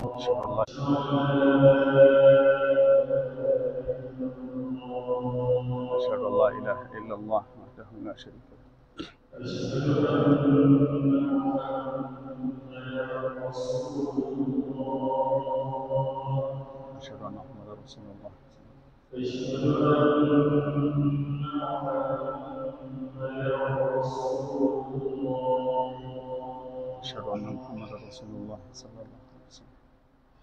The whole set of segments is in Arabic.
صلى الله عليه وسلم أشهد أن لا إله إلا الله وحده لا شريك له أشهد أن محمدا رسول الله أشهد أن محمدا رسول الله أشهد أن محمدا رسول الله صلى الله عليه وسلم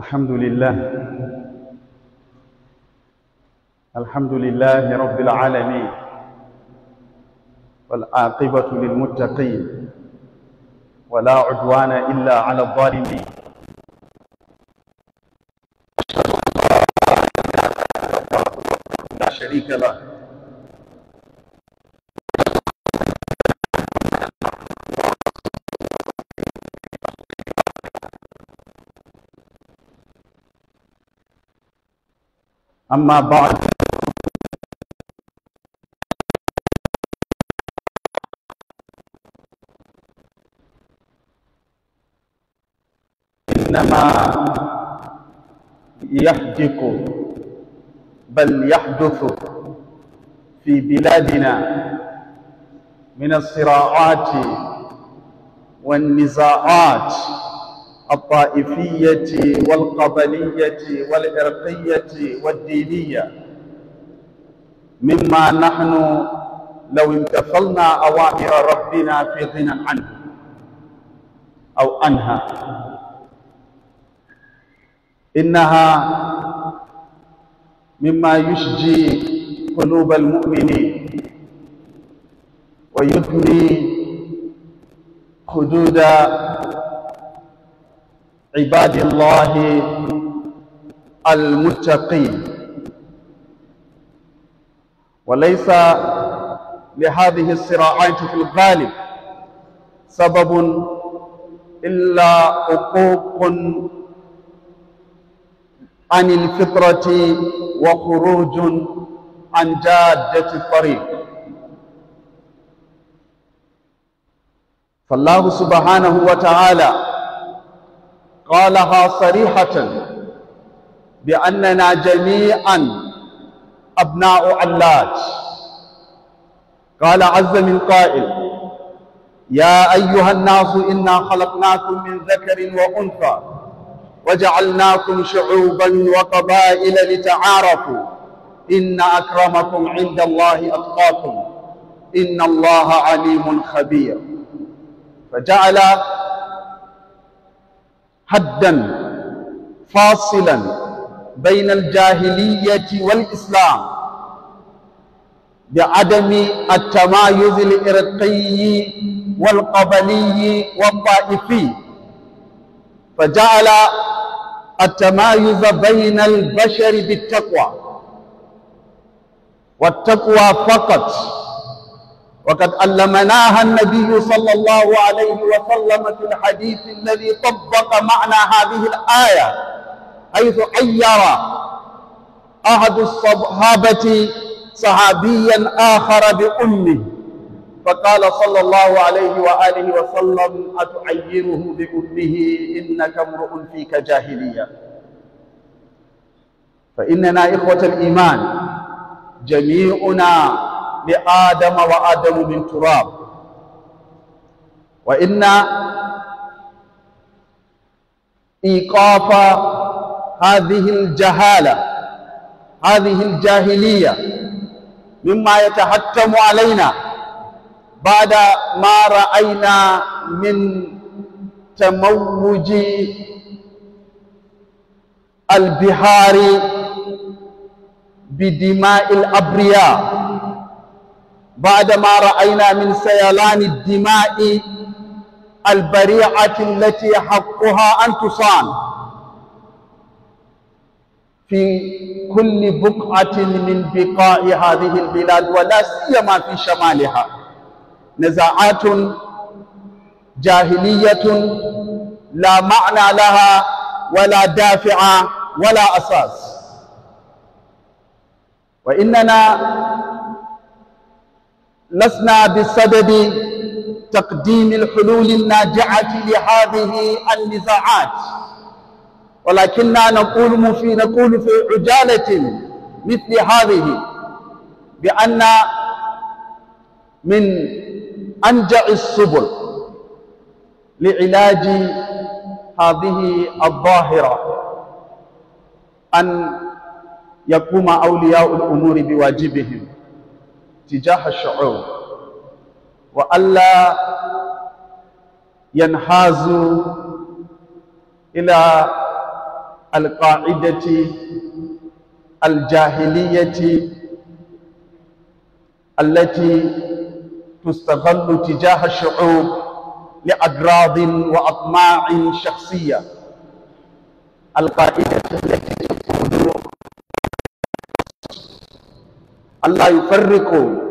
الحمد لله الحمد لله رب العالمين والعاقبة للمتقين ولا عدوان إلا على الظالمين لا شريك له أما بعد إنما يحدق بل يحدث في بلادنا من الصراعات والنزاعات الطائفية والقبلية والعرقية والدينية مما نحن لو امتثلنا أوامر ربنا في غنى عنه أو عنها إنها مما يشجي قلوب المؤمنين ويثني حدود عباد الله المتقين وليس لهذه الصراعات في الغالب سبب إلا حقوق عن الفطرة وخروج عن جادة الطريق فالله سبحانه وتعالى قالها صريحة بأننا جميعا أبناء علاج قال عز من قائل يا أيها الناس إنا خلقناكم من ذكر وأنثى وجعلناكم شعوبا وقبائل لتعارفوا إن أكرمكم عند الله أتقاكم إن الله عليم خبير فجعل حدا فاصلا بين الجاهلية والإسلام بعدم التمايز الإرقي والقبلي والطائفي فجعل التمايز بين البشر بالتقوى والتقوى فقط وقد علمناها النبي صلى الله عليه وسلم في الحديث الذي طبق معنى هذه الآية حيث عير أحد الصحابة صحابيا آخر بأمه فقال صلى الله عليه وآله وسلم أتعيره بأمه إنك امرؤ فيك جاهلية فإننا إخوة الإيمان جميعنا لآدم وآدم من تراب وإن إيقاف هذه الجهالة هذه الجاهلية مما يتحتم علينا بعد ما رأينا من تموج البحار بدماء الأبرياء بعدما رأينا من سيلان الدماء البريعة التي حقها أن تصان في كل بقعة من بقاع هذه البلاد ولا سيما في شمالها نزاعات جاهلية لا معنى لها ولا دافع ولا أساس وإننا لسنا بسبب تقديم الحلول الناجعة لهذه النزاعات ولكننا نقول في نقول في عجالة مثل هذه بأن من أنجع السبل لعلاج هذه الظاهرة أن يقوم أولياء الأمور بواجبهم تجاه الشعوب وألا ينحازوا إلى القاعدة الجاهلية التي تستغل تجاه الشعوب لأغراض وأطماع شخصية القاعدة التي الله يفرقه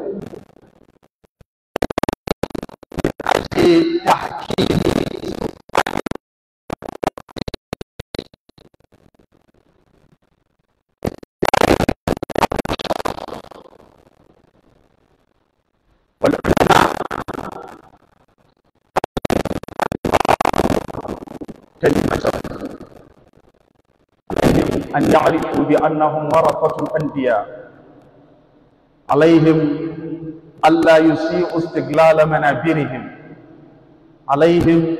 أن يعرفوا بأنهم ورثة الأنبياء عليهم ألا يسيء استقلال منابرهم عليهم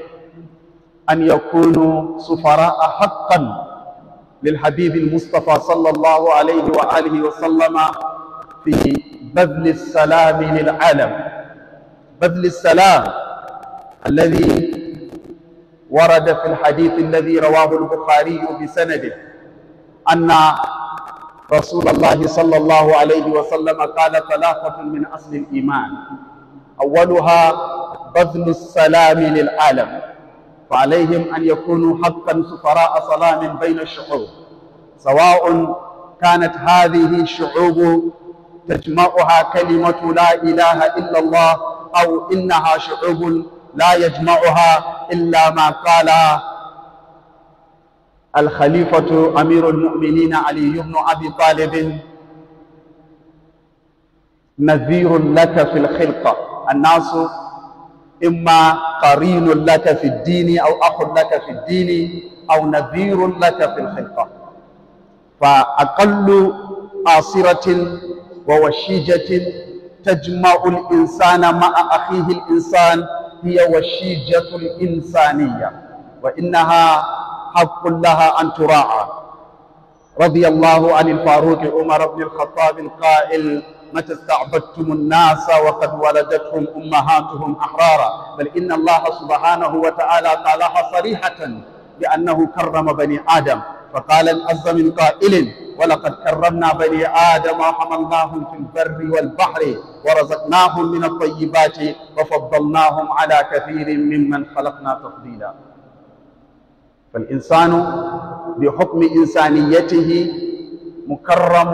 أن يكونوا سفراء حقا للحبيب المصطفى صلى الله عليه وآله وسلم في بذل السلام للعالم بذل السلام الذي ورد في الحديث الذي رواه البخاري بسنده أن رسول الله صلى الله عليه وسلم قال ثلاثة من أصل الإيمان أولها بذل السلام للعالم فعليهم أن يكونوا حقا سفراء سلام بين الشعوب سواء كانت هذه الشعوب تجمعها كلمة لا إله إلا الله أو إنها شعوب لا يجمعها إلا ما قالها الخليفة أمير المؤمنين علي بن أبي طالب نذير لك في الخلقة الناس إما قرين لك في الدين أو أخ لك في الدين أو نذير لك في الخلقة فأقل آصرة ووشيجة تجمع الإنسان مع أخيه الإنسان هي وشيجة الإنسانية وإنها حق لها أن تراعى رضي الله عن الفاروق عمر بن الخطاب القائل متى استعبدتم الناس وقد ولدتهم أمهاتهم أحرارا بل إن الله سبحانه وتعالى قالها صريحة بأنه كرم بني آدم فقال عز من قائل ولقد كرمنا بني آدم وحملناهم في البر والبحر ورزقناهم من الطيبات وفضلناهم على كثير ممن خلقنا تفضيلا فالإنسان بحكم إنسانيته مكرم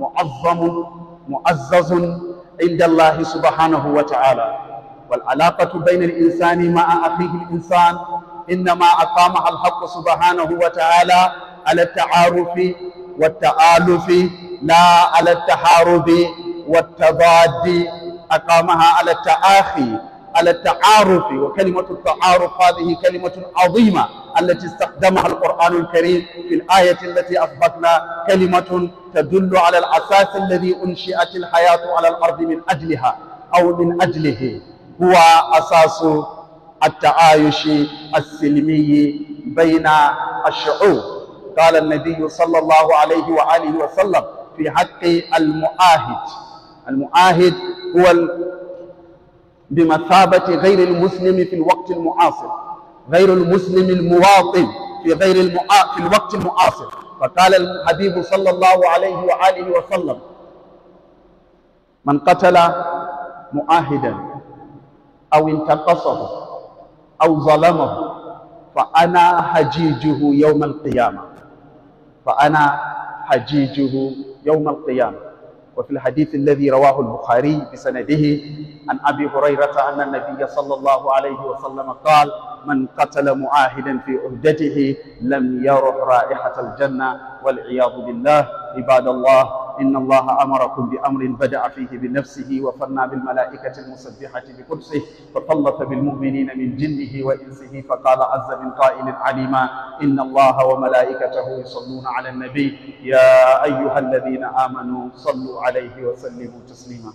معظم معزز عند الله سبحانه وتعالى والعلاقة بين الإنسان مع أخيه الإنسان إنما أقامها الحق سبحانه وتعالى على التعارف والتآلف لا على التحارب والتضاد أقامها على التآخي على التعارف وكلمة التعارف هذه كلمة عظيمة التي استخدمها القرآن الكريم في الآية التي أثبتنا كلمة تدل على الأساس الذي أنشئت الحياة على الأرض من أجلها أو من أجله هو أساس التعايش السلمي بين الشعوب قال النبي صلى الله عليه وآله وسلم في حق المؤاهد المؤاهد هو بمثابة غير المسلم في الوقت المعاصر غير المسلم المواطن في غير المعا... في الوقت المعاصر فقال الحبيب صلى الله عليه وآله وسلم من قتل معاهدا أو انتقصه أو ظلمه فأنا حجيجه يوم القيامة فأنا حجيجه يوم القيامة وفي الحديث الذي رواه البخاري بسنده عن أبي هريرة أن النبي صلى الله عليه وسلم قال من قتل معاهدا في عهدته لم يرح رائحة الجنة والعياذ بالله عباد الله إن الله أمركم بأمر بدأ فيه بنفسه وفنى بالملائكة المسبحة بقدسه وطلف بالمؤمنين من جنه وإنسه فقال عز من قائل عليما إن الله وملائكته يصلون على النبي يا أيها الذين آمنوا صلوا عليه وسلموا تسليما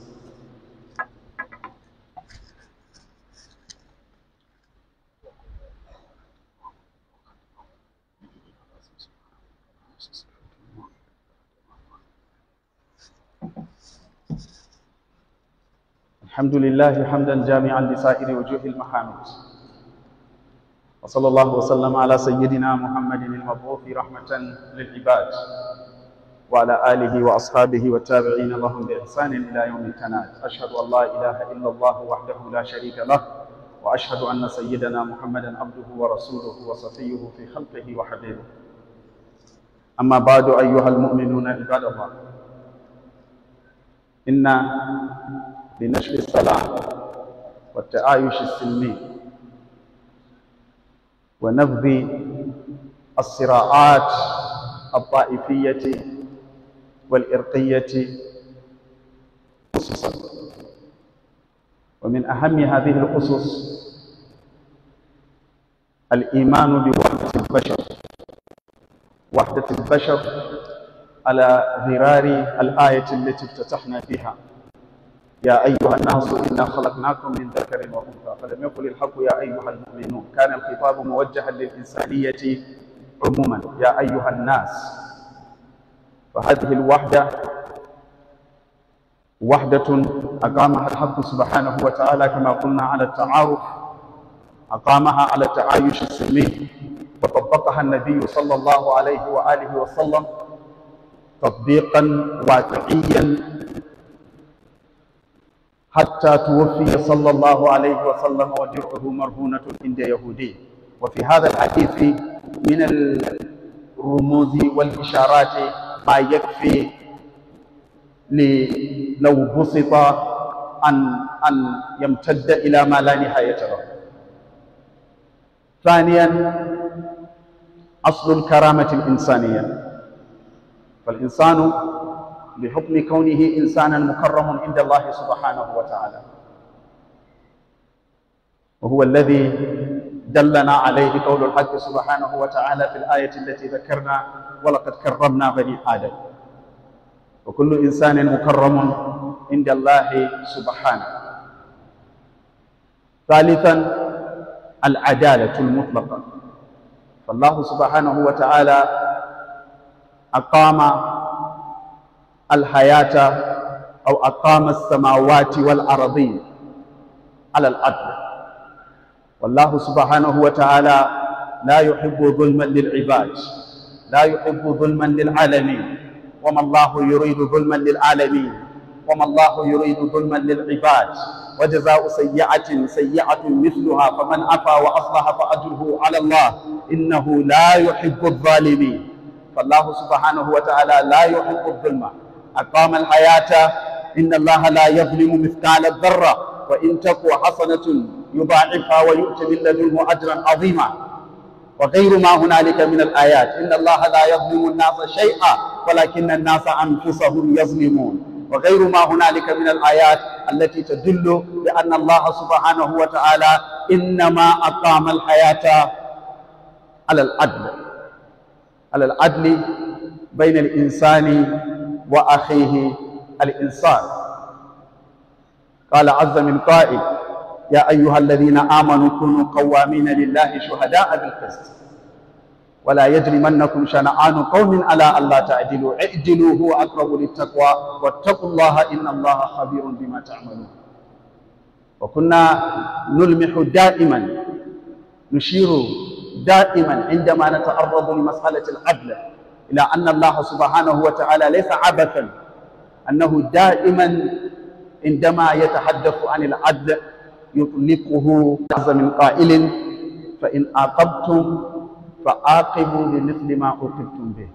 الحمد لله حمدا جامعا لسائر وجوه المحامد وصلى الله وسلم على سيدنا محمد المبعوث رحمة للعباد وعلى آله وأصحابه والتابعين لهم بإحسان إلى يوم التناد أشهد أن لا إله إلا الله وحده لا شريك له وأشهد أن سيدنا محمدا عبده ورسوله وصفيه في خلقه وحبيبه أما بعد أيها المؤمنون عباد الله إن لنشر السلام والتعايش السلمي ونبذ الصراعات الطائفية والإرقية خصوصا ومن أهم هذه الأسس الإيمان بوحدة البشر وحدة البشر على غرار الآية التي افتتحنا فيها يا أيها الناس إنا خلقناكم من ذكر وأنثى فلم يقل الحق يا أيها المؤمنون كان الخطاب موجها للإنسانية عموما يا أيها الناس فهذه الوحدة وحدة أقامها الحق سبحانه وتعالى كما قلنا على التعارف أقامها على التعايش السلمي وطبقها النبي صلى الله عليه وآله وسلم تطبيقا واقعيا حتى توفي صلى الله عليه وسلم وجرعه مرهونة عند يهودي وفي هذا الحديث من الرموز والإشارات ما يكفي لو بسط أن أن يمتد إلى ما لا نهاية له ثانيا أصل الكرامة الإنسانية فالإنسان بحكم كونه إنسانا مكرم عند الله سبحانه وتعالى وهو الذي دلنا عليه قول الحق سبحانه وتعالى في الآية التي ذكرنا ولقد كرمنا بني آدم وكل إنسان مكرم عند الله سبحانه ثالثا العدالة المطلقة فالله سبحانه وتعالى أقام الحياة أو أقام السماوات والأرضين على الأرض والله سبحانه وتعالى لا يحب ظلما للعباد لا يحب ظلما للعالمين وما الله يريد ظلما للعالمين وما الله يريد ظلما للعباد وجزاء سيئة سيئة مثلها فمن عفا وأصلح فأجره على الله إنه لا يحب الظالمين فالله سبحانه وتعالى لا يحب الظلم أقام الحياة إن الله لا يظلم مثقال الذرة وإن تقوى حسنة يضاعفها ويؤتي من لدنه أجرا عظيما وغير ما هنالك من الآيات إن الله لا يظلم الناس شيئا ولكن الناس أنفسهم يظلمون وغير ما هنالك من الآيات التي تدل بأن الله سبحانه وتعالى إنما أقام الحياة على العدل على العدل بين الإنسان وأخيه الإنسان قال عز من قائل يا أيها الذين آمنوا كونوا قوامين لله شهداء بالقسط ولا يجرمنكم شنعان قوم على ألا تعدلوا اعدلوا هو أقرب للتقوى واتقوا الله إن الله خبير بما تعملون وكنا نلمح دائما نشير دائما عندما نتعرض لمسألة العدل إلى أن الله سبحانه وتعالى ليس عبثا أنه دائما عندما يتحدث عن العدل يطلقه عز من قائل فإن عاقبتم فعاقبوا بمثل ما عوقبتم به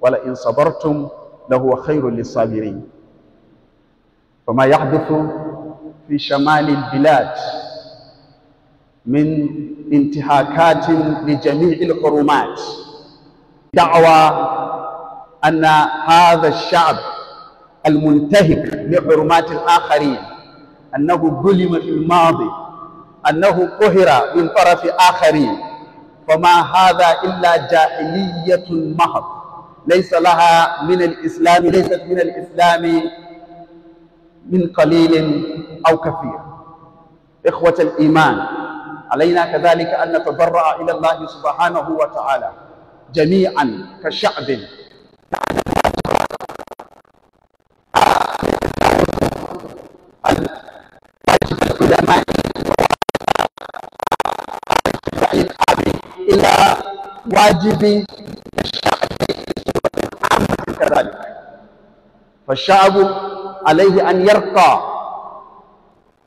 ولئن صبرتم لهو خير للصابرين فما يحدث في شمال البلاد من انتهاكات لجميع الحرمات دعوى أن هذا الشعب المنتهك لحرمات الآخرين أنه ظلم في الماضي أنه قهر من طرف آخرين فما هذا إلا جاهلية محض ليس لها من الإسلام ليست من الإسلام من قليل أو كثير إخوة الإيمان علينا كذلك أن نتضرع إلى الله سبحانه وتعالى جميعا كشعب إلى واجب الشعب كذلك فالشعب عليه أن يرقى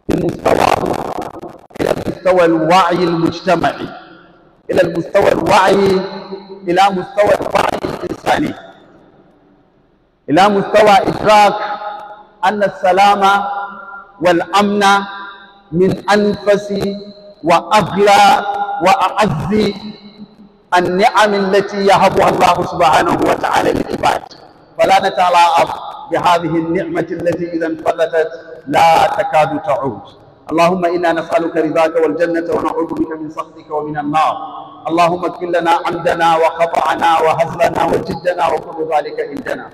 بمستواه إلى المستوى الوعي المجتمعي إلى المستوى الوعي إلى مستوى الوعي الإنساني إلى مستوى إدراك أن السلام والأمن من أنفس وأغلى وأعز النعم التي يهبها الله سبحانه وتعالى للعباد فلا نتلاعب بهذه النعمة التي إذا انفلتت لا تكاد تعود اللهم إنا نسألك رضاك والجنة ونعوذ بك من سخطك ومن النار اللهم اكفر لنا عمدنا وخطأنا وهزلنا وجدنا وكل ذلك عندنا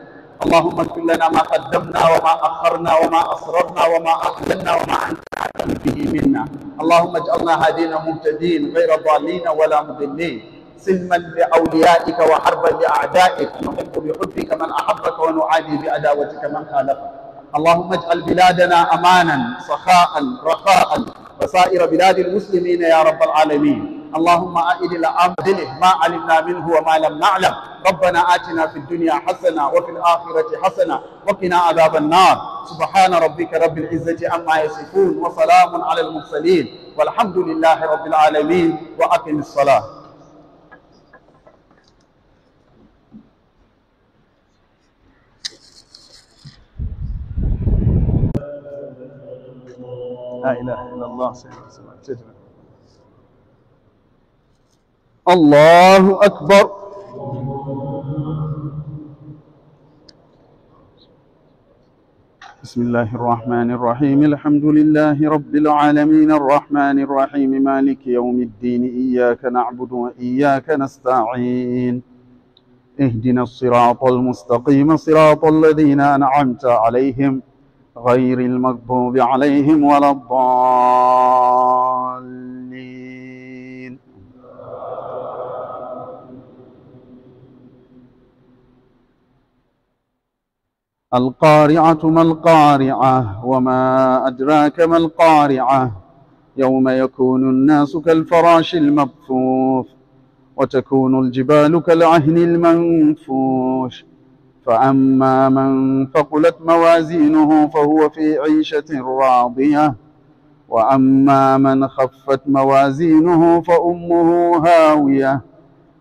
اللهم اغفر لنا ما قدمنا وما أخرنا وما أسررنا وما أعلنا وما أنت أعلم به منا اللهم اجعلنا هادين مهتدين غير ضالين ولا مضلين سلما لأوليائك وحربا لأعدائك نحب بحبك من أحبك ونعادي بعداوتك من خالفك اللهم اجعل بلادنا امانا سخاء رخاء وسائر بلاد المسلمين يا رب العالمين اللهم اعد الامر ما علمنا منه وما لم نعلم ربنا آتنا في الدنيا حسنة وفي الآخرة حسنة وقنا عذاب النار سبحان ربك رب العزة عما يصفون وسلام على المرسلين والحمد لله رب العالمين وأقم الصلاة لا إله إلا الله سيدنا سيدنا الله أكبر بسم الله الرحمن الرحيم الحمد لله رب العالمين الرحمن الرحيم مالك يوم الدين إياك نعبد وإياك نستعين اهدنا الصراط المستقيم صراط الذين أنعمت عليهم غير المغضوب عليهم ولا الضالين القارعة ما القارعة وما أدراك ما القارعة يوم يكون الناس كالفراش المبثوث وتكون الجبال كالعهن المنفوش فأما من ثقلت موازينه فهو في عيشة راضية وأما من خفت موازينه فأمه هاوية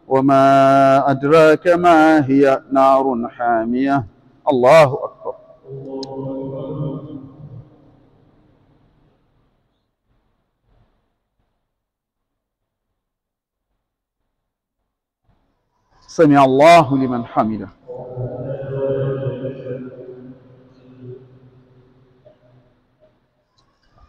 وما أدراك ما هي نار حامية الله أكبر سمع الله لمن حمده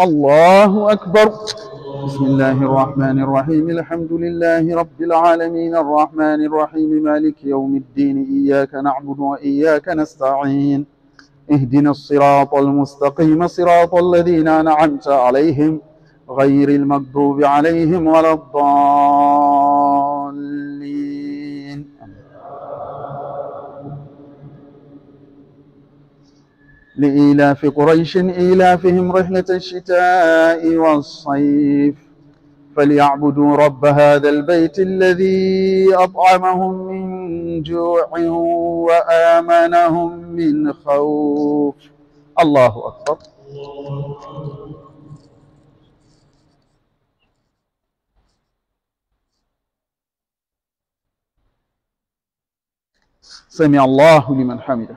الله أكبر بسم الله الرحمن الرحيم الحمد لله رب العالمين الرحمن الرحيم مالك يوم الدين إياك نعبد وإياك نستعين اهدنا الصراط المستقيم صراط الذين أنعمت عليهم غير المكذوب عليهم ولا الضالين لإيلاف قريش إيلافهم رحلة الشتاء والصيف فليعبدوا رب هذا البيت الذي أطعمهم من جوع وآمنهم من خوف الله أكبر سمع الله لمن حمده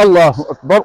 الله أكبر